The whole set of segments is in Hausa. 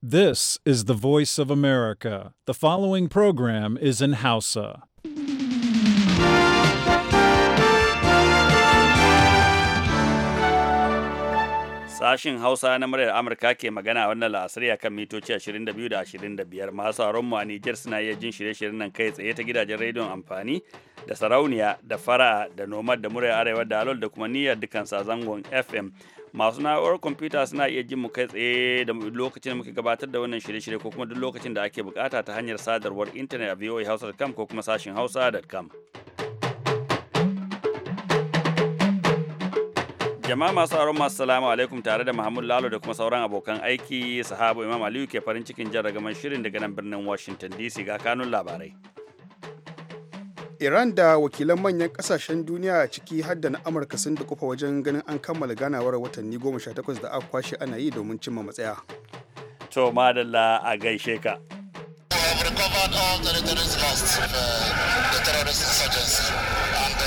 This is the voice of America. The following program is in Hausa. Sashin Hausa na muryar Amurka ke magana wannan la'asari kan mitoci 22 da 25 masu mu a Nijar suna iya jin shirye-shiryen nan kai tsaye ta gidajen rediyon amfani da sarauniya da fara da nomad da muryar arewa da alol da kuma niyyar dukkan zangon FM. masu na'urar kwamfuta suna iya jin mu kai tsaye da lokacin da muke gabatar da wannan shirye-shirye ko kuma duk lokacin da ake bukata ta hanyar sadarwar intanet a voahausa.com ko kuma sashin hausa.com jama'a masu aron masu salamu alaikum tare da Muhammad Lalo da kuma sauran abokan aiki sahabu Imam Aliyu ke farin cikin jan ragaman shirin daga nan birnin Washington DC ga kanun labarai. iran da wakilan manyan kasashen duniya a ciki har da na amurka sun da kufa wajen ganin an kammala ganawar watanni 18 da aka kwashe ana yi domin cimma matsaya to madalla a gaishe ka recovered all the terrorist lost, uh, terrorist insurgency. And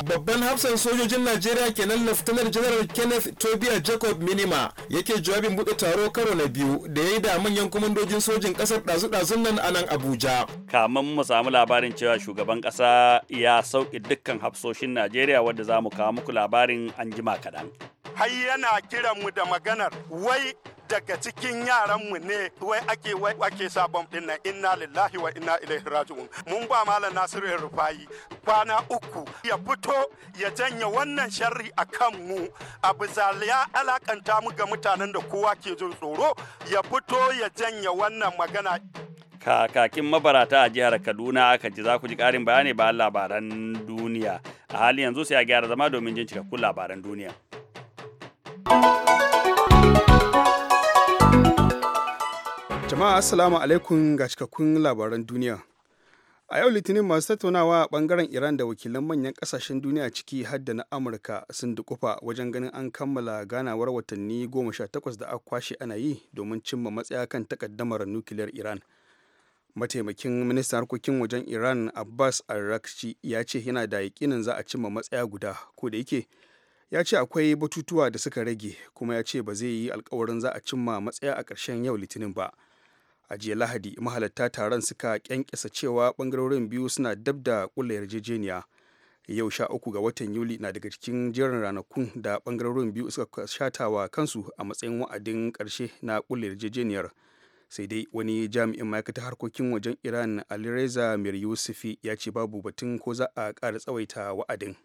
Babban hafsan sojojin Najeriya kenan Laftanar General Kenneth Tobia Jacob Minima yake jawabin buɗe taro karo na biyu da ya yi da manyan kwamandojin sojin ƙasar ɗazu-ɗazun nan a nan Abuja. kamin mu samu labarin cewa shugaban ƙasa ya sauƙi dukkan hafsoshin Najeriya wadda za mu kawo muku labarin an jima kaɗan. Har yana kiran mu da maganar wai daga cikin yaranmu ne wai ake wai ake sabon inna lillahi wa inna ilaihi raji'un mun ba malam nasiru rufayi kwana uku ya fito ya janye wannan sharri a kan mu a bisa ya alakanta mu ga mutanen da kowa ke jin tsoro ya fito ya janye wannan magana kakakin mabarata a jihar kaduna aka ji za ku ji karin bayani ba labaran duniya a halin yanzu sai a gyara zama domin jin cikakkun labaran duniya. Jama'a Assalamu alaikum ga cikakkun labaran duniya. A yau Litinin masu tattaunawa a bangaren Iran da wakilan manyan kasashen duniya ciki hadda na Amurka sun dukufa wajen ganin an kammala ganawar watanni goma sha takwas da aka kwashe ana yi domin cimma matsaya kan takaddamar nukiliyar Iran. Mataimakin ministan harkokin wajen Iran Abbas Arakci ya ce yana da yakinin za a cimma matsaya guda ko da yake ya ce akwai batutuwa da suka rage kuma ya ce ba zai yi alkawarin za a cimma matsaya a ƙarshen yau Litinin ba. a jiya lahadi mahalatta taron suka kyankyasa cewa bangarorin biyu suna dab da kulla yarjejeniya yau sha uku ga watan yuli na daga cikin jerin ranakun da bangarorin biyu suka shatawa kansu a matsayin wa'adin karshe na kulla yarjejeniyar sai dai wani jami'in ma'aikatar harkokin wajen iran alireza mir yusufi ya ce babu batun ko za a kara tsawaita wa'adin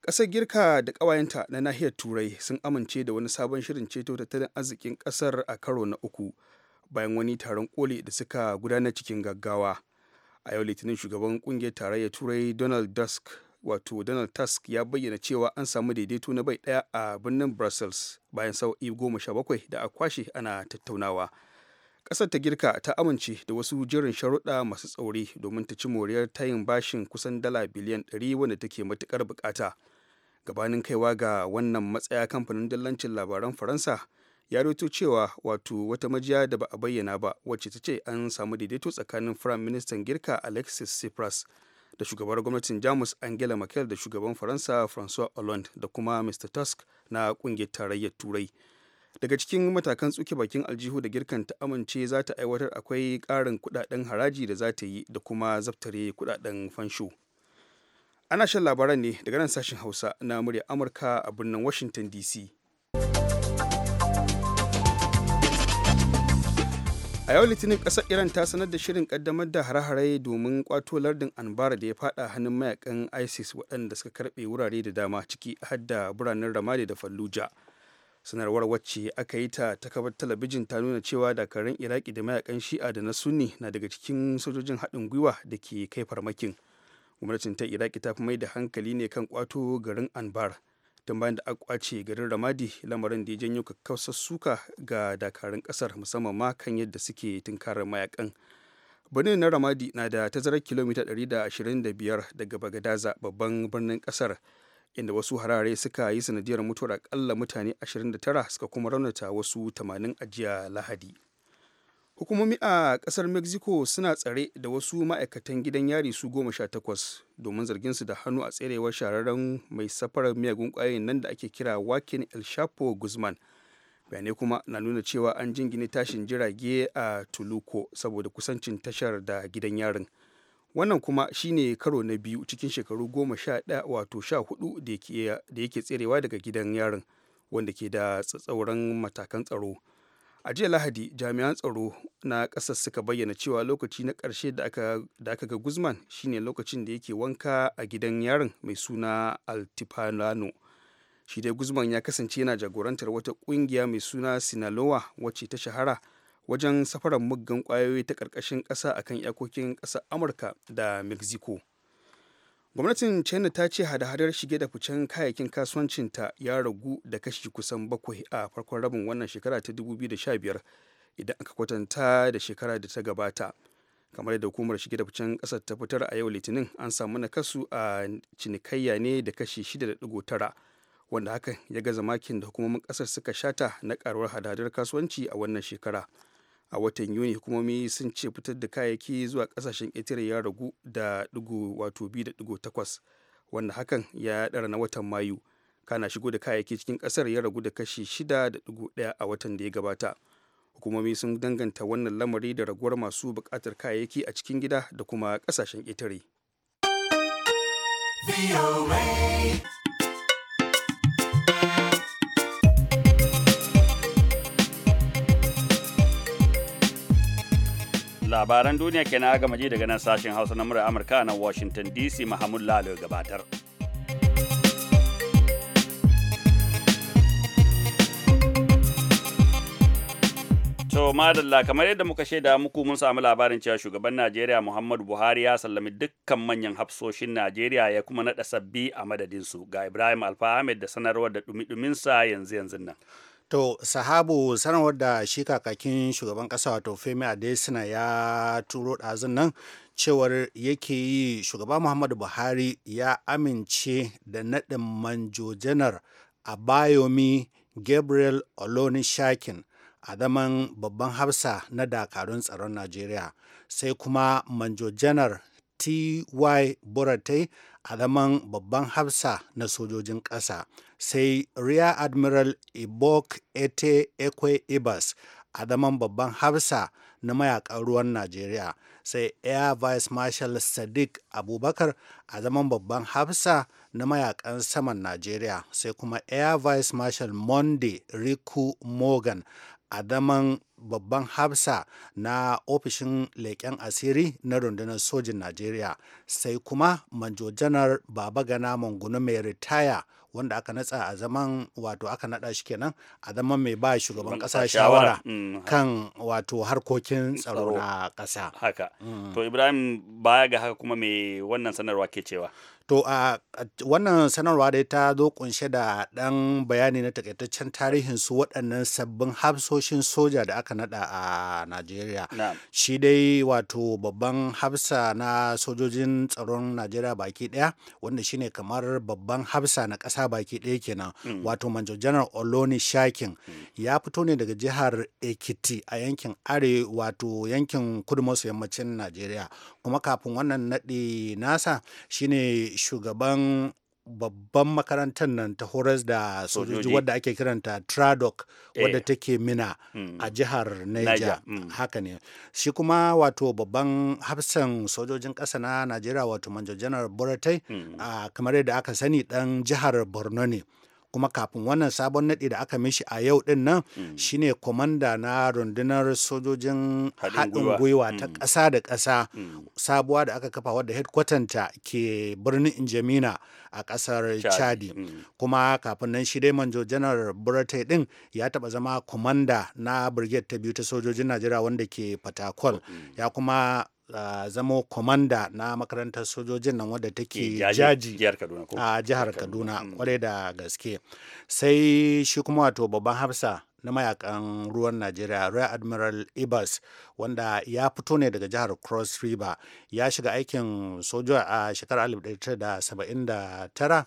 ƙasar girka da ƙawayenta na nahiyar turai sun amince da wani sabon shirin ceto tattalin arzikin ƙasar a karo na uku bayan wani taron koli da suka gudana cikin gaggawa a yau litinin shugaban kungiyar tarayyar turai donald dusk wato donald tusk ya bayyana cewa an samu daidaito na bai daya a birnin brussels bayan sau'i goma sha bakwai da a kwashe ana tattaunawa ƙasar ta girka ta amince da wasu jirin sharuɗa masu tsauri domin ta ci moriyar tayin bashin kusan dala biliyan 100 wanda take matukar bukata gabanin kaiwa ga wannan matsaya kamfanin dillancin labaran faransa ya rito cewa wato wata majiya da ba a bayyana ba wacce ta ce an samu daidaito tsakanin firayim ministan girka alexis tsipras da shugabar gwamnatin jamus angela merkel da shugaban faransa francois hollande da kuma mr tusk na kungiyar tarayyar turai daga cikin matakan tsuke bakin aljihu da girkan ta amince za ta aiwatar akwai karin kudaden haraji da za ta yi da kuma zaftare kudaden fansho ana shan labaran ne daga nan sashen hausa na murya amurka a birnin washington dc a yau litinin ƙasar iran ta sanar da shirin kaddamar da hare-hare domin kwato lardin anbar da ya fada hannun mayakan isis waɗanda suka karɓe wurare da dama ciki har da biranen ramadi da falluja sanarwar wacce aka yi ta ta talabijin ta nuna cewa dakarun iraki da mayakan shi'a da na sunni na daga cikin sojojin haɗin gwiwa da ke kai farmakin gwamnatin ta iraki ta fi mai da hankali ne kan kwato garin anbar tun bayan da a kwace garin ramadi lamarin da ya janyo kakkausar suka ga dakarun kasar musamman ma kan yadda suke tunkarar mayakan birnin na ramadi na da tazarar kilomita 125 daga bagadaza babban birnin kasar inda wasu harare suka yi sanadiyar mutuwar akalla mutane 29 suka kuma raunata wasu 80 a jiya lahadi hukumomi a kasar mexico suna tsare da wasu ma'aikatan gidan yari su goma sha takwas domin zargin su da hannu a tserewar shahararren mai safarar miyagun kwayoyin nan da ake kira wakin el chapo guzman bayanai kuma na nuna cewa an jingine tashin jirage a tuluko saboda kusancin tashar da gidan yarin wannan kuma shine karo na biyu cikin shekaru goma sha ɗaya wato sha hudu da yake tserewa daga gidan yarin wanda ke da tsatsauran matakan tsaro a jiya lahadi jami'an tsaro na ƙasar suka bayyana cewa lokaci na ƙarshe da aka ga guzman shine lokacin da yake wanka a gidan yaron mai suna altifanano shi dai guzman ya kasance yana jagorantar wata ƙungiya mai suna sinaloa wacce ta shahara wajen safarar muggan ƙwayoyi ta ƙarƙashin ƙasa akan iyakokin ƙasar amurka da mexico gwamnatin china ta ce hada-hadar shige da ficen kayayyakin kasuwancinta ya ragu da kashi kusan bakwai a farkon rabin wannan shekara ta 2015 idan aka kwatanta da shekara da ta gabata kamar da hukumar shige da ficen kasar ta fitar a yau litinin an samu nakasu a cinikayya ne da kashi 6.9 wanda hakan ya gaza makin da hukumomin kasar suka shata na karuwar hada-hadar kasuwanci a wannan shekara. a watan yuni hukumomi sun ce fitar da kayayyaki zuwa kasashen ƙetare ya ragu da digo wato bi da digo takwas wanda hakan ya ɗara na watan mayu kana shigo da kayayyaki cikin ƙasar ya ragu da kashi shida da digo ɗaya a watan da ya gabata hukumomi sun danganta wannan lamari da raguwar masu buƙatar kayayyaki a cikin gida da kuma ƙasashen ƙetare. labaran duniya ke na agama ji daga nan sashen hausa na murar amurka na washington dc mahamud lalo gabatar to madalla kamar yadda muka shaida muku mun samu labarin cewa shugaban najeriya muhammadu buhari ya sallami dukkan manyan hafsoshin najeriya ya kuma naɗa sabbi a madadinsu ga ibrahim alfa ahmed da sanarwar da ɗumi-ɗuminsa yanzu yanzu nan To sahabu sanarwar da shi kakakin shugaban ƙasa wato Femi Adesina ya turo ɗazun nan cewar yake yi shugaba Muhammadu Buhari ya amince da naɗin manjojanar a bayomi Gabriel Olonishakin a zaman babban hafsa na dakarun tsaron Najeriya sai kuma manjojanar ty boratai a zaman babban hafsa na sojojin ƙasa sai rear admiral ibok ete ekwe ibas a zaman babban hafsa na mayakan ruwan najeriya sai air vice marshal sadiq abubakar a zaman babban hafsa na mayakan saman najeriya sai kuma air vice marshal monday riku morgan a zaman babban hafsa na ofishin leƙen asiri na rundunar sojin najeriya sai kuma manjo janar babagana mangunu mai ritaya wanda aka natsa a zaman wato aka nada shi kenan a zaman mai ba shugaban kasa shawara mm, kan wato harkokin mm, tsaro na kasa haka mm. to ibrahim baya ga haka kuma mai wannan sanarwa ke cewa To a wannan sanarwa dai ta zo kunshe da ɗan bayani na takaitaccen tarihin su waɗannan sabbin hafsoshin soja da aka naɗa a Najeriya. Shi dai wato babban hafsa na sojojin tsaron Najeriya baki ɗaya wanda shi ne kamar babban hafsa na ƙasa baki ɗaya kenan mm. wato manjo janar Oloni Shakin mm. ya fito ne daga jihar Ekiti a yankin Are wato yankin kudu maso yammacin Najeriya kuma kafin wannan naɗi nasa ne. shugaban babban makarantar nan ta horas da sojoji wadda ake kiranta tradoc wadda eh. take mina mm. a jihar niger mm. haka ne shi kuma wato babban hafsan sojojin ƙasa na najeriya wato manjo janar buratai mm. ah, kamar yadda aka sani ɗan jihar borno ne kuma kafin wannan sabon naɗi da aka mishi a yau din nan mm. shine kwamanda na rundunar sojojin haɗin gwiwa ta mm. ƙasa da ƙasa mm. sabuwa da aka kafa wadda ta ke birnin Injamina a ƙasar Chadi kuma kafin nan shi dai manjo janar Buratai ɗin ya taɓa zama kwamanda na brigade ta biyu ta sojojin Najeriya wanda ke Fatakol ya kuma uh, zamo komanda na makarantar sojojin nan wadda take eh, jaji a jihar kaduna mm. kwarai da gaske sai shi kuma wato babban hafsa na mayakan ruwan Najeriya royal Admiral Ibas wanda ya fito ne daga jihar Cross River ya shiga aikin sojoji a shekarar 1979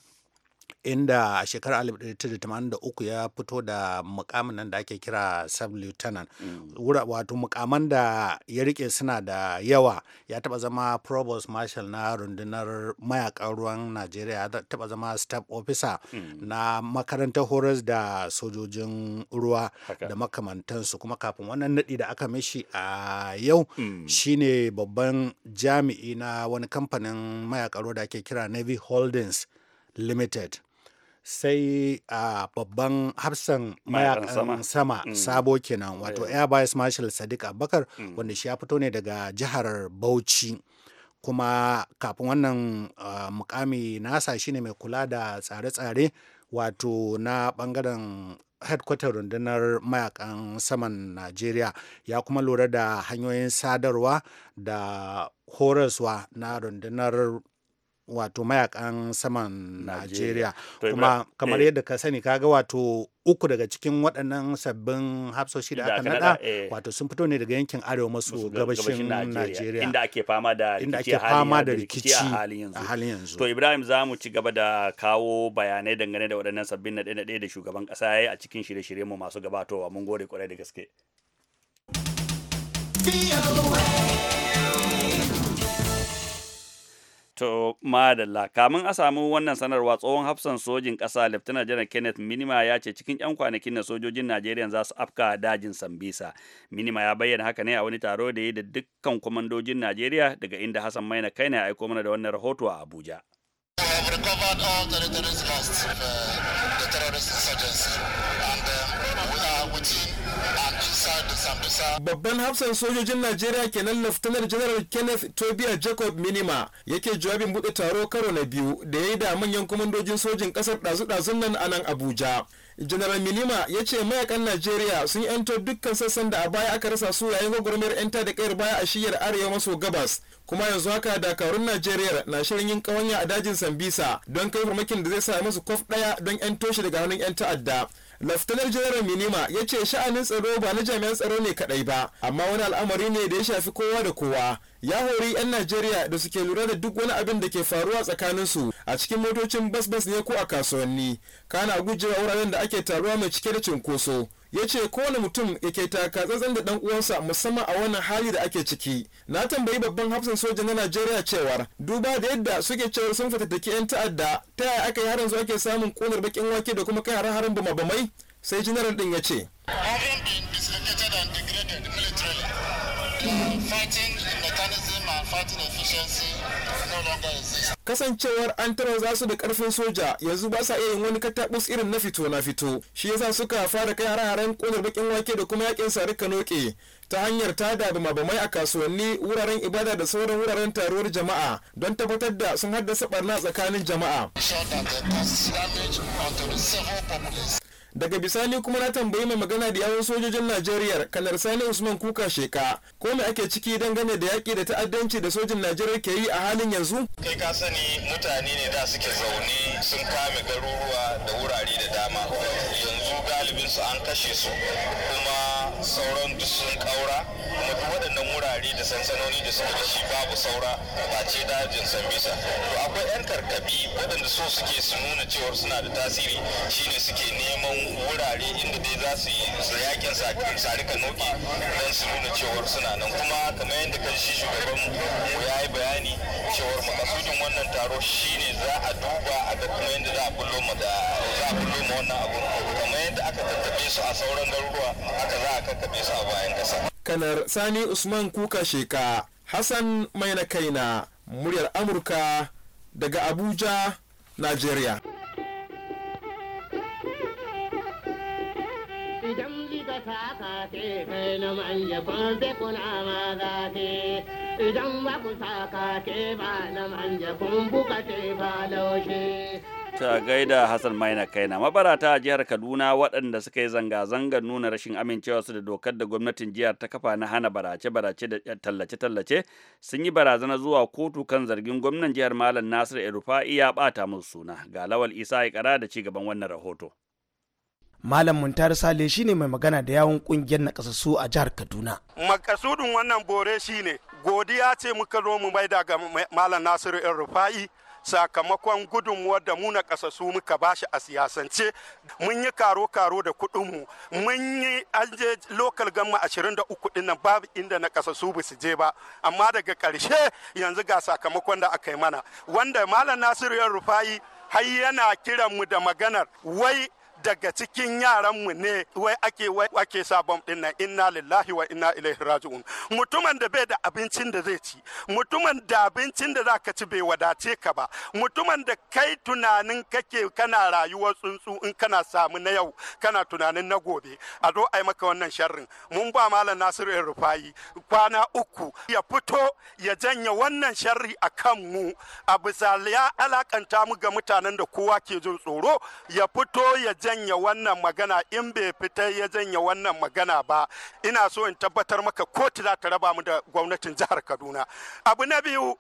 inda a shekarar 1983 ya fito da mukamin nan da ake kira sub lieutenant mm. wura wato mukaman da ya rike suna da yawa ya taba zama provost marshal na rundunar mayakan ruwan najeriya ya taba zama staff officer mm. na makarantar horas da sojojin ruwa da makamantansu kuma kafin wannan nadi da aka mishi a yau mm. shine babban jami'i na wani kamfanin mayakan ruwa da ake kira navy holdings limited sai a babban hafsan mayakan sama mm. sabo kenan wato eh. air vice marshal sadiq abubakar mm. wanda shi ya fito ne daga jihar bauchi kuma kafin wannan mukami nasa shine mai kula da tsare-tsare wato na bangaren headquarter rundunar mayakan saman najeriya ya kuma lura da hanyoyin sadarwa da horaswa na rundunar wato mayakan saman Najeriya kuma kamar eh. yadda ka sani kaga wato uku daga cikin waɗannan sabbin hafsoshi da aka nada eh. wato sun fito ne daga yankin arewa maso gabashin Najeriya inda ake fama da inda ake fama da rikici a halin yanzu to Ibrahim za mu ci gaba da kawo bayanai dangane da waɗannan sabbin na ɗaya da shugaban ƙasa ya yi a cikin shirye-shirye mu masu gabatowa mun gode kwarai da gaske. Be away. To madalla kamun a samu wannan sanarwa tsohon hafsan sojin kasa Laftanar Janar Kenneth Minima ya ce cikin 'yan kwanakin na sojojin Najeriya za su afka dajin Sambisa. Minima ya bayyana haka ne a wani taro da yi da dukkan kwamandojin Najeriya daga inda Hassan Maina kai ya aiko mana da wannan rahoto a Abuja. recovered Babban hafsan sojojin Najeriya kenan Laftanar General Kenneth Tobia Jacob Minima yake jawabin buɗe taro karo na biyu da ya yi da manyan kwamandojin sojin kasar ɗazu-ɗazun nan a nan Abuja. General Minima ya ce mayakan Najeriya sun yanto dukkan sassan da a baya aka rasa su yayin gwagwarmayar 'yanta da kayar baya a shiyar arewa maso gabas. Kuma yanzu haka dakarun Najeriya na shirin yin kawanya a dajin Sambisa don kai farmakin da zai sa musu kwaf ɗaya don 'yan toshe daga hannun 'yan ta'adda. laftanar janaral minima ya ce sha'anin tsaro ba na jami'an tsaro ne kadai ba amma wani al'amari ne da ya shafi kowa da kowa ya hori 'yan najeriya da suke lura da duk wani abin da ke faruwa tsakaninsu a cikin motocin bas-bas ne ko a kasuwanni kana gujewa wuraren da ake taruwa mai cike da cinkoso ya ce kowane mutum yake taka tsantsan da dan uwansa musamman a wannan hali da ake ciki na tambayi babban hafsan soja na najeriya cewar duba da yadda suke cewar sun fatattaki yan ta'adda ta yaya aka yi har yanzu ake samun ƙunar bakin wake da kuma kai hare harin bama-bamai sai janaral din ya ce fighting efficiency no longer exists. Kasancewar an za su da karfin soja yanzu ba sa iya yin wani katabus irin na fito na fito. Shi yasa suka fara kai hare-haren kunar bakin wake da kuma yakin ka noke ta hanyar ta da mabamai a kasuwanni wuraren ibada da sauran wuraren taruwar jama'a don tabbatar da sun haddasa barna tsakanin jama'a. daga bisani kuma na tambayi mai magana da yawon sojojin najeriya kanar sani usman kuka sheka ko me ake ciki dangane da yaƙi da ta'addanci da sojin najeriya ke yi a halin yanzu kai ka sani mutane ne da suke zaune sun kame garuruwa da wurare da dama yanzu galibinsu an kashe su kuma sauran duk sun kaura kuma duk waɗannan wurare da sansanoni da suka shi babu saura face dajin sambisa to akwai 'yan karkabi waɗanda so suke su nuna cewar suna da tasiri shine suke neman wurare inda dai za su yi yakin sarika noki don su nuna cewar suna nan kuma kamar yadda kan shi shugaban mu ya yi bayani cewar makasudin wannan taro shine za a duba a ga kuma yadda za a bullo ma da za a bullo ma wannan abu kamar yadda aka tattabe su a sauran garuruwa haka za a kakkabe su a bayan kasa kanar sani usman kuka sheka hassan mai na kaina muryar amurka daga abuja nigeria idan ji ka kai na manya kun amma za idan ba ku saka ke ba na manja kun buka ce ba laushe. ta gaida Hassan Maina Kaina mabarata a jihar Kaduna waɗanda suka yi zanga-zangar nuna rashin amincewa su da dokar da gwamnatin jihar ta kafa na hana barace-barace da tallace-tallace sun yi barazana zuwa kotu kan zargin gwamnan jihar Malam Nasir Erufa'i ya ɓata musu suna ga Lawal Isa ya kara da ci gaban wannan rahoto. Malam Muntar Sale ne mai magana da yawon kungiyar nakasassu a jihar Kaduna. Makasudin wannan bore shine godiya ce muka zo mu maida ga Malam Nasiru El Rufa'i sakamakon gudunmuwar da mu na muka ba bashi a siyasance mun yi karo-karo da kuɗinmu mun yi an je lokal gamma 23 din nan babu inda na ba su je ba amma daga karshe yanzu ga sakamakon da aka yi mana wanda malam nasiru yan rufayi har yana kiran mu da maganar wai daga cikin yaran yaranmu ne wai ake wai ake din nan inna lillahi wa inna ilaihi raji'un mutumin da bai da abincin da zai ci mutumin da abincin da zaka ci bai wadace ka ba mutumin da kai tunanin kake kana rayuwar tsuntsu in kana samu na yau kana tunanin na gobe a zo ai maka wannan sharrin mun ba malam nasiru in rufayi kwana uku ya fito ya janye wannan sharri a kan mu a bisa ya alakanta mu ga mutanen da kowa ke jin tsoro ya fito ya janya wannan magana in bai fita ya janya wannan magana ba ina so in tabbatar maka kotu za ta raba mu da gwamnatin jihar kaduna abu na biyu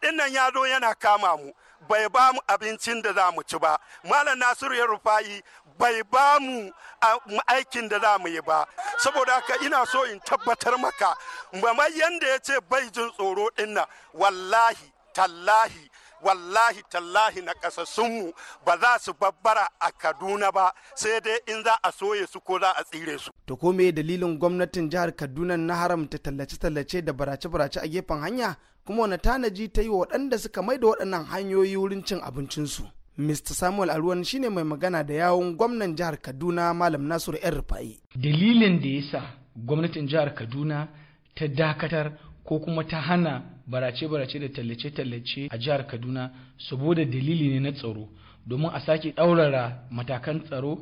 dinnan ya zo yana kama mu bai ba mu abincin da za mu ci ba malam nasiru ya rufa'i bai ba mu aikin da za mu yi ba saboda haka ina so in tabbatar maka mamayen da ya ce bai jin tsoro dinnan wallahi tallahi wallahi tallahi na kasassunmu ba za su babbara a kaduna ba sai dai in za a soye su ko za a tsire su to ko me dalilin gwamnatin jihar kaduna na haramta tallace-tallace da barace-barace a gefen hanya kuma wani tanaji ta yi wa waɗanda suka mai da waɗannan hanyoyi wurin cin abincinsu Mr. Samuel Aruwan shine mai magana da yawun gwamnan jihar Kaduna Malam Nasiru ‘yan rufa'i. Dalilin da ya sa gwamnatin jihar Kaduna ta dakatar ko kuma ta hana barace-barace da tallace-tallace a jihar kaduna saboda dalili ne na tsaro domin a sake ɗaurara matakan tsaro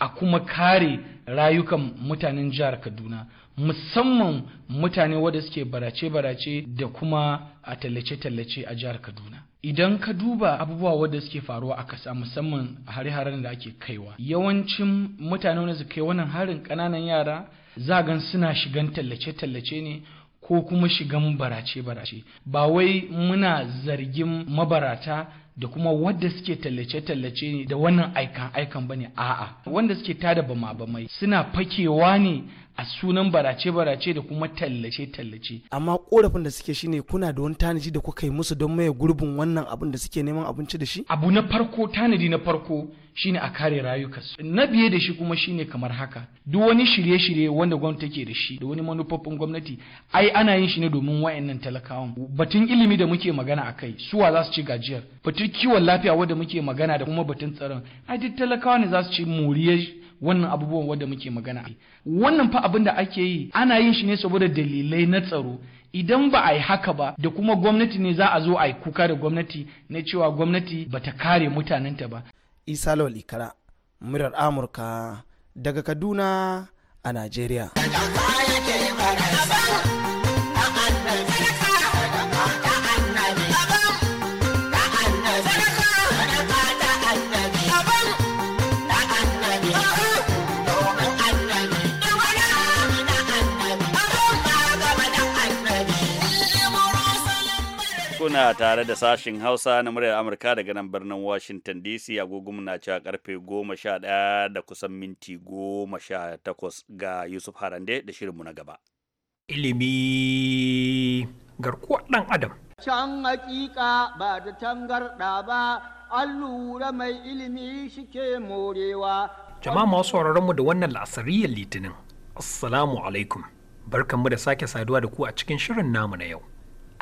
a kuma kare rayukan mutanen jihar kaduna musamman mutane wadda suke barace-barace da kuma a tallace-tallace a jihar kaduna idan ka duba abubuwa wadda suke faruwa a kasa musamman hare-haren da ake kaiwa yawancin mutane wanda su kai wannan harin ƙananan yara zagan suna shigan tallace-tallace ne ko kuma shigan barace-barace ba wai muna zargin mabarata da kuma wadda suke tallace-tallace da wannan aikan aikan bane a'a wanda suke tada bama bamai suna fakewa ne a sunan barace-barace da kuma tallace-tallace. Amma korafin da suke shine kuna da wani tanaji da kuka yi musu don maye gurbin wannan abin da suke neman abinci da shi? Abu na farko tanadi na farko shine a kare rayukansu. Na biye da shi kuma shine kamar haka. Duk wani shirye-shirye wanda gwamnati take da shi da wani manufofin gwamnati ai ana yin shi ne domin wayannan talakawan. Batun ilimi da muke magana a kai suwa za su ci gajiyar. Batun kiwon lafiya wanda muke magana da kuma batun tsaron ai duk talakawa ne za su ci moriyar wannan abubuwan wanda muke magana wannan fa abin da ake yi ana yin shi ne saboda dalilai na tsaro idan ba a yi haka ba da kuma gwamnati ne za a zo a yi kuka da gwamnati na cewa gwamnati ba ta kare mutanenta ba isa lawal ikara murar amurka daga kaduna a najeriya kuna tare da sashin Hausa na muryar Amurka daga nan birnin Washington DC agogo na cewa karfe 11 da kusan minti 18 ga Yusuf Harande da shirinmu na gaba. Ilimi garkuwa ɗan Adam. Can hakika ba da tangarɗa ba, allura mai ilimi shike morewa. Jama'a masu mu da wannan la'asariyar litinin. Assalamu alaikum. Barkanmu da sake saduwa da ku a cikin shirin namu na yau.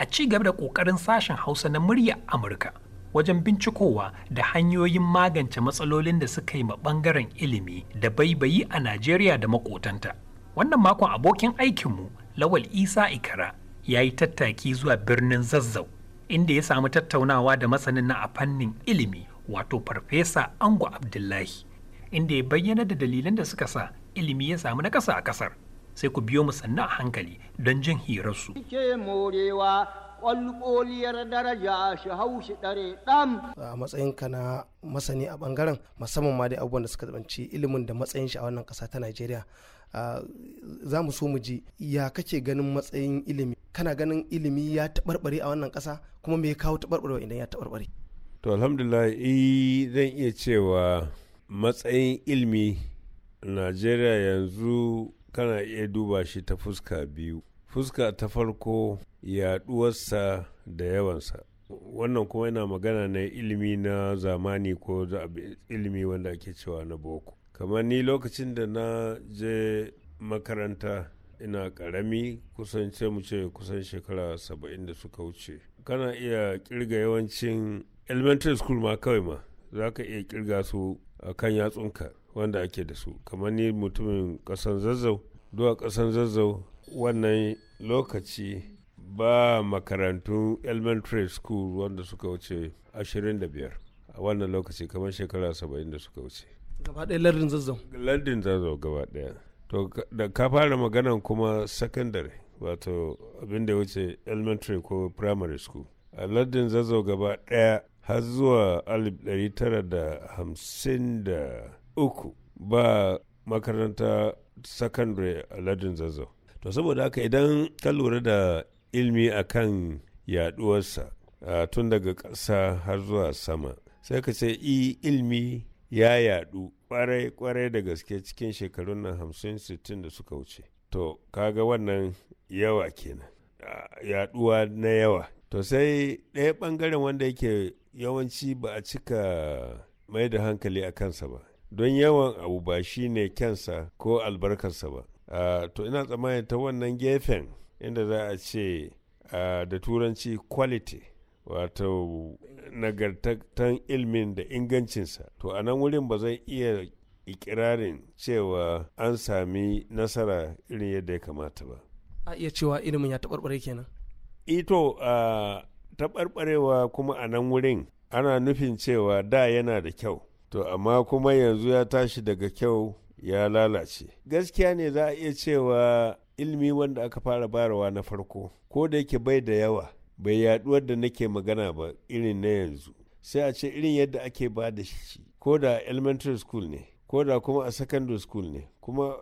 a ci gaba da ƙoƙarin sashen Hausa na murya Amurka wajen bincikowa da hanyoyin magance matsalolin da suka yi ma ɓangaren ilimi da baibayi a Najeriya da makotanta. Wannan makon abokin aikinmu Lawal Isa Ikara ya yi tattaki zuwa birnin Zazzau inda ya samu tattaunawa da masanin na a fannin ilimi wato Farfesa Ango Abdullahi inda ya bayyana da dalilan da suka sa ilimi ya samu na ƙasa a ƙasar. sai ku biyo mu sannan a hankali don jin hirarsu. kwalkoliyar daraja shi haushi dare A ka na masani a bangaren musamman ma dai abubuwan da suka zabanci ilimin da matsayin shi a wannan kasa ta Najeriya. Za mu so mu ji ya kake ganin matsayin ilimi kana ganin ilimi ya taɓarɓare a wannan kasa kuma me ya kawo taɓarɓare idan ya taɓarɓare. To alhamdulillah zan iya cewa matsayin ilimi Najeriya yanzu kana iya duba shi ta fuska biyu fuska ta farko yaduwarsa da yawansa wannan kuma yana magana na ilimi na zamani ko ilimi wanda ake cewa na boko kamar ni lokacin da na je makaranta ina karami kusan ce mu ce kusan shekara saba'in da suka wuce kana iya kirga yawancin elementary school ma kawai ma za ka iya kirga su a kan yatsunka wanda ake da su kamar ni mutumin kasan zazzau duwa kasan zazzau wannan lokaci ba makarantu elementary school wanda suka wuce 25 a wannan lokaci kamar shekara 70 da suka wuce gaba daya lardin zazzau lardin zazzau gaba daya to da ka fara maganan kuma secondary wato abin da wuce elementary ko primary school a lardin zazzau gaba daya har zuwa 1950 uku ba makaranta secondary a ladin zazzau to saboda haka idan ka lura da ilmi a kan yaduwarsa tun daga ƙasa har zuwa sama sai ka ce i ilmi ya yadu kwarai kwarai da gaske cikin shekarun nan hamsin sittin da suka wuce to kaga wannan yawa kenan yaduwa na yawa to sai ɗaya ɓangaren wanda yake yawanci ba a cika mai da hankali a kansa ba don yawan abu ba shi ne kyansa ko albarkarsa ba to ina tsammani ta wannan gefen inda za a ce da turanci quality wato nagartattan ilmin da ingancinsa to a nan wurin ba zai iya ikirarin cewa an sami nasara irin yadda ya kamata ba a iya cewa ilimin ya taɓarɓare kenan ito e a taɓarɓarewa kuma a nan wurin ana nufin cewa da yana da kyau to amma kuma yanzu ya tashi daga kyau ya lalace gaskiya ne za a iya cewa ilmi wanda aka fara barawa na farko ko da yake bai da yawa bai yaduwar da nake magana ba irin na yanzu sai a ce irin yadda ake ba da shi ko da elementary school ne ko da kuma a secondary school ne kuma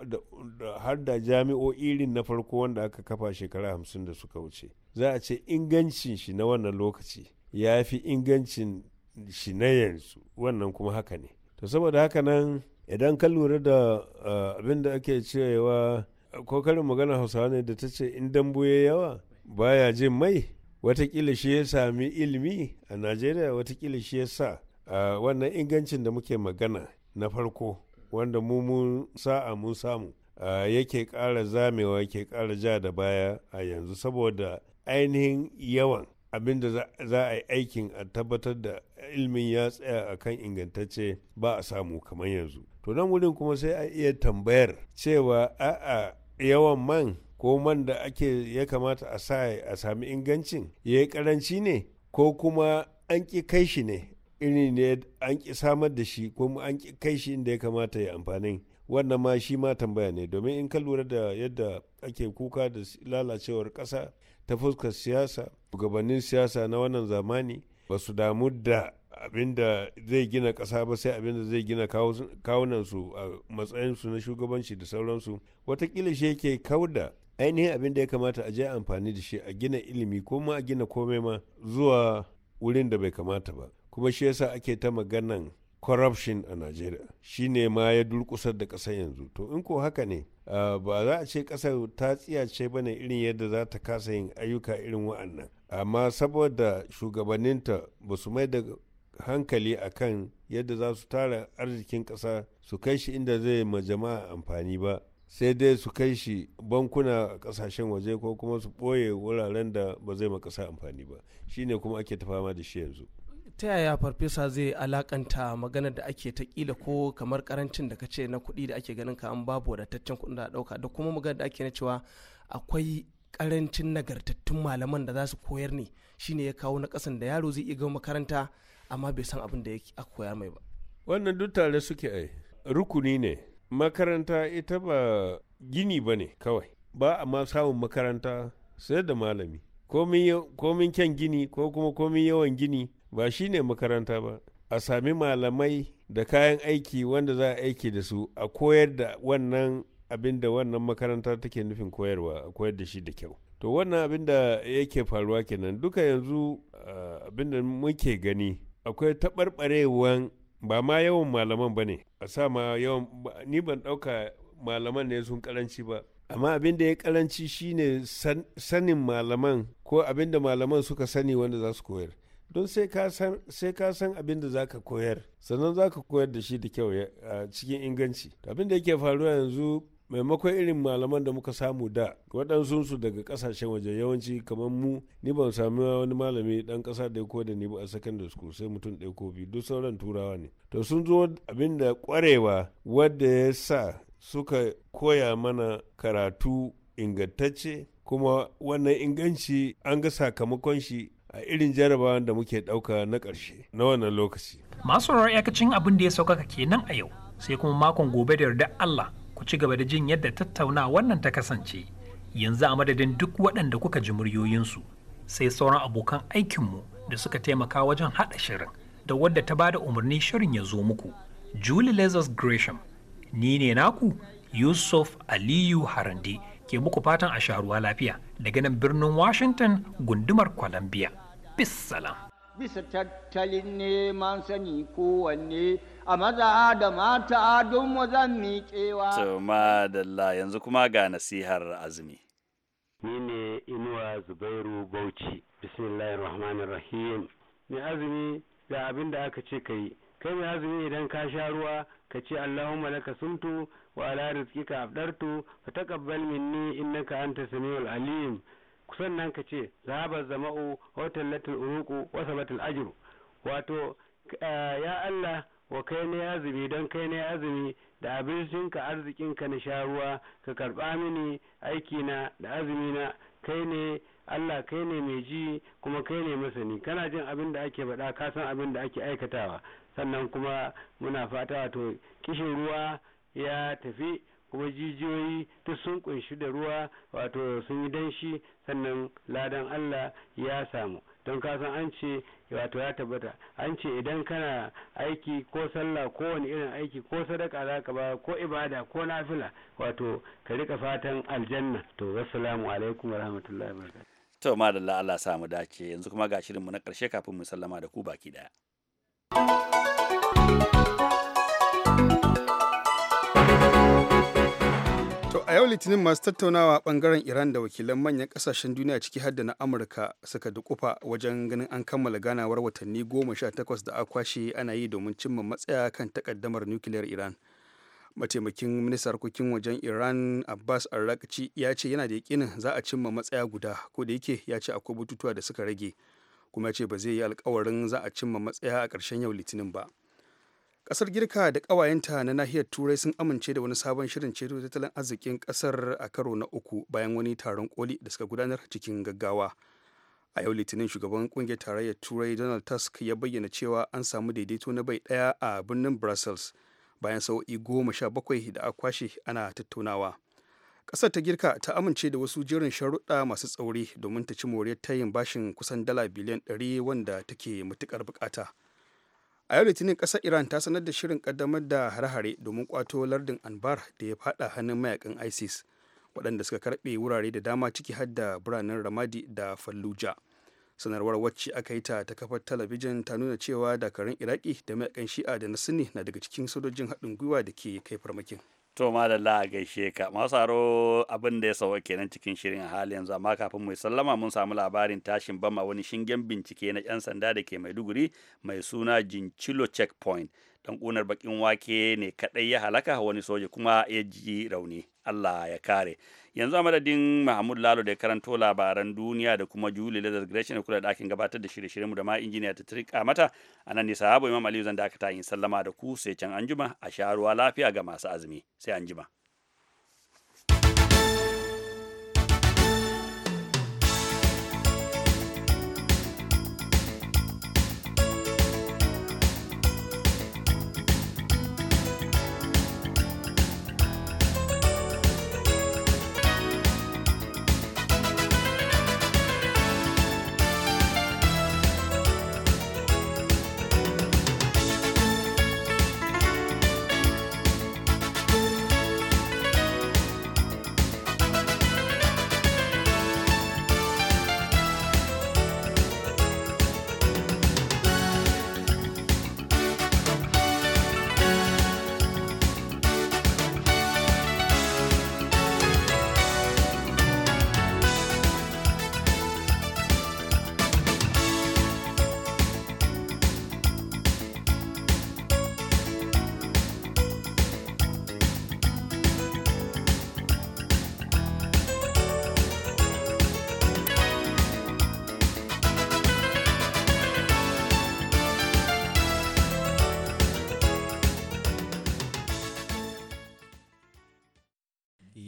har da jami'o irin na farko wanda aka kafa shekara hamsin da suka wuce za a ce ingancin shi na wannan lokaci ya fi ingancin shi na yanzu wannan kuma haka ne to saboda haka nan idan ka lura da eh, abin da ake cewa ko karin magana hausawa ne da ta ce in dambu ya yawa baya jin mai watakila shi ya sami ilimi a najeriya watakila shi ya sa eh, wannan ingancin da muke magana na farko wanda mu mun sa'a mun samu eh, yake ƙara zamewa yake kara ja da baya a yanzu saboda ainihin yawan abinda za a yi aikin a tabbatar da ilimin ya tsaya a kan ingantacce ba a samu kamar yanzu to nan wurin kuma sai a iya tambayar cewa a'a yawan man ko man da ake ya kamata a sa a sami ingancin ya yi karanci ne ko kuma an ƙi kai shi ne iri ne an ƙi samar da shi ko an ƙi kai shi inda ya kamata ya amfanin wannan ma shi ma tambaya ne domin in ka lura da yadda ake kuka da lalacewar ƙasa ta fuskar siyasa shugabannin siyasa na wannan zamani ba su damu da abin da zai gina ƙasa ba sai abin da zai gina kawunansu a matsayinsu na shugabanci da sauransu watakila shi yake kauda ainihin abin da ya kamata a je amfani da shi a gina ilimi ko ma a gina komai ma zuwa wurin da bai kamata ba kuma shi yasa ake ta maganan corruption a najeriya shi ne ma ya durkusar da ƙasar yanzu to in ko haka ne ah, ba za a ce kasar ta tsiyace ba ne irin yadda za ta kasa yin ayyuka irin wa'annan amma saboda shugabanninta ba su mai da hankali a kan yadda za su tara arzikin kasa su kai shi inda zai ma jama'a amfani ba sai dai su kai shi bankuna a ƙasashen waje ko kuma su ɓoye wuraren da ba zai ma ƙasa amfani ba shine kuma ake ta fama da shi yanzu ta yaya farfesa zai alakanta maganar da ake ta kila ko kamar karancin da kace na kuɗi da ake ganin ka an babu wadataccen kuɗin da ɗauka da kuma maganar da ake na cewa akwai karancin nagartattun malaman da za su koyar ne shine ya kawo na kasan da yaro zai iya makaranta amma bai san abin da aka koya mai ba wannan duk tare suke ai rukuni ne makaranta ita ba gini ba ne kawai ba a ma samun makaranta sai da malami komin kyan gini ko kuma komin yawan gini ba shi ne makaranta ba a sami malamai da kayan aiki wanda za a aiki da su a koyar da wannan abin da wannan makaranta take nufin koyarwa koyar da shi da kyau to wannan abin da yake faruwa kenan duka yanzu ah, abin da muke gani akwai taɓarɓarewan ba ma yawan malaman ba ne a sa ma yawan ni ban ɗauka malaman ne sun karanci ba amma abin da ya karanci shine sanin malaman ko abin da malaman suka sani wanda za su koyar don sai ka san abin da za ka koyar sannan za ka koyar da shi da kyau ah, cikin inganci abin da yake faruwa yanzu maimakon irin malaman da muka samu da waɗansunsu daga ƙasashen waje yawanci kamar mu ni ban sami wani malami ɗan ƙasa da ko da ni ba a secondary school sai mutum ɗaya ko biyu duk sauran turawa ne to sun zo abin da ƙwarewa wadda ya sa suka koya mana karatu ingantacce kuma wannan inganci an ga sakamakon shi a irin jarabawan da muke ɗauka na ƙarshe na wannan lokaci. Masu iyakacin abin da ya saukaka kenan a yau sai kuma makon gobe da yarda Allah ku ci gaba da jin yadda tattauna wannan ta kasance yanzu a madadin duk waɗanda kuka ji muryoyinsu sai sauran abokan aikinmu da suka taimaka wajen haɗa shirin da wadda ta bada umarni shirin ya zo muku julie lazarus gresham ni ne naku yusuf aliyu harande ke muku fatan a sharuwa lafiya daga nan birnin washington gundumar columbia bis bisa tattalin neman sani kowanne a maza da mata don mu zan miƙewa. To madalla yanzu kuma ga nasihar azumi. Ni ne Inuwa Zubairu Bauchi, Bismillahirrahmanirrahim. Mai azumi ga abin da aka ce ka yi, kai mai azumi idan ka sha ruwa ka ce Allahumma laka sumtu wa ala rizqika afdartu fa taqabbal minni innaka anta samiul alim. nan ka ce zaba zama'u hotel latin uruku? wasa latin ajru. Wato eh, ya Allah wa kai ne azumi don kai ne azumi da abincinka arzikinka na sha ruwa ka karɓa mini aiki na da azumina kai ne Allah kai ne mai ji kuma kai ne masani kana jin abin da ake faɗa ka san abin da ake aikatawa sannan kuma muna fata to kishin ruwa ya tafi kuma jijiyoyi duk sun kunshi da ruwa wato sun yi danshi sannan ladan Allah ya samu don kasan an ce wato ya tabbata an ce idan kana aiki ko sallah ko wani irin aiki ko sadaka za ka ba ko ibada ko nafila wato ka rika fatan aljanna to wassalamu alaikum warahmatullahi wabarakatuh to madalla Allah samu dace yanzu kuma ga shirinmu na karshe kafin mu sallama da ku baki daya a yau litinin masu tattaunawa bangaren iran da wakilan manyan kasashen duniya ciki hadda na amurka suka dukufa wajen ganin an kammala ganawar watanni goma sha takwas da kwashe ana yi domin cimma matsaya kan takaddamar nukiliyar iran mataimakin ministan harkokin wajen iran abbas arrakci ya ce yana da yakinin za a cimma matsaya guda ko da yake ya ce akwai bututuwa da suka rage kuma ya ce ba zai yi alkawarin za a cimma matsaya a karshen yau litinin ba kasar girka da kawayenta na nahiyar turai sun amince da wani sabon shirin ceto tattalin arzikin kasar a karo na uku bayan wani taron koli da suka gudanar cikin gaggawa a yau litinin shugaban kungiyar tarayyar turai donald tusk ya bayyana cewa an samu daidaito na bai daya a birnin brussels bayan sau'i goma sha bakwai da a kwashe ana tattaunawa kasar ta girka ta amince da wasu jerin sharuɗa masu tsauri domin ta ci moriyar tayin bashin kusan dala biliyan 100 wanda take matukar buƙata. a yau litinin kasar iran ta sanar da shirin kaddamar da hare-hare domin kwato lardin anbar da ya fada hannun mayakan isis waɗanda suka karɓe wurare da dama ciki har da biranen ramadi da fallujah sanarwar wacce aka yi ta ta kafar talabijin ta nuna cewa dakarun iraki da mayakan shi'a da na sunni na daga cikin sojojin haɗin gwiwa da ke kai farmakin To madalla gaishe ka masu abin da ya sauwa kenan cikin shirin a hali yanzu amma kafin mu sallama mun samu labarin tashin bama wani shingen bincike na 'yan sanda da ke Maiduguri mai suna Jinchilo Checkpoint. Dan kunar bakin wake ne kadai ya halaka wani soja kuma ya ji rauni. Allah ya kare yanzu a madadin Mahmud Lalo da ya karanto labaran duniya da kuma Julie Leather Gresham da kula da ɗakin gabatar da shirye-shiryenmu da ma injiniya ta trika mata a nan ne sahabo Imam Aliyu zan dakata yin sallama da ku sai can anjima a sha ruwa lafiya ga masu azumi sai anjima.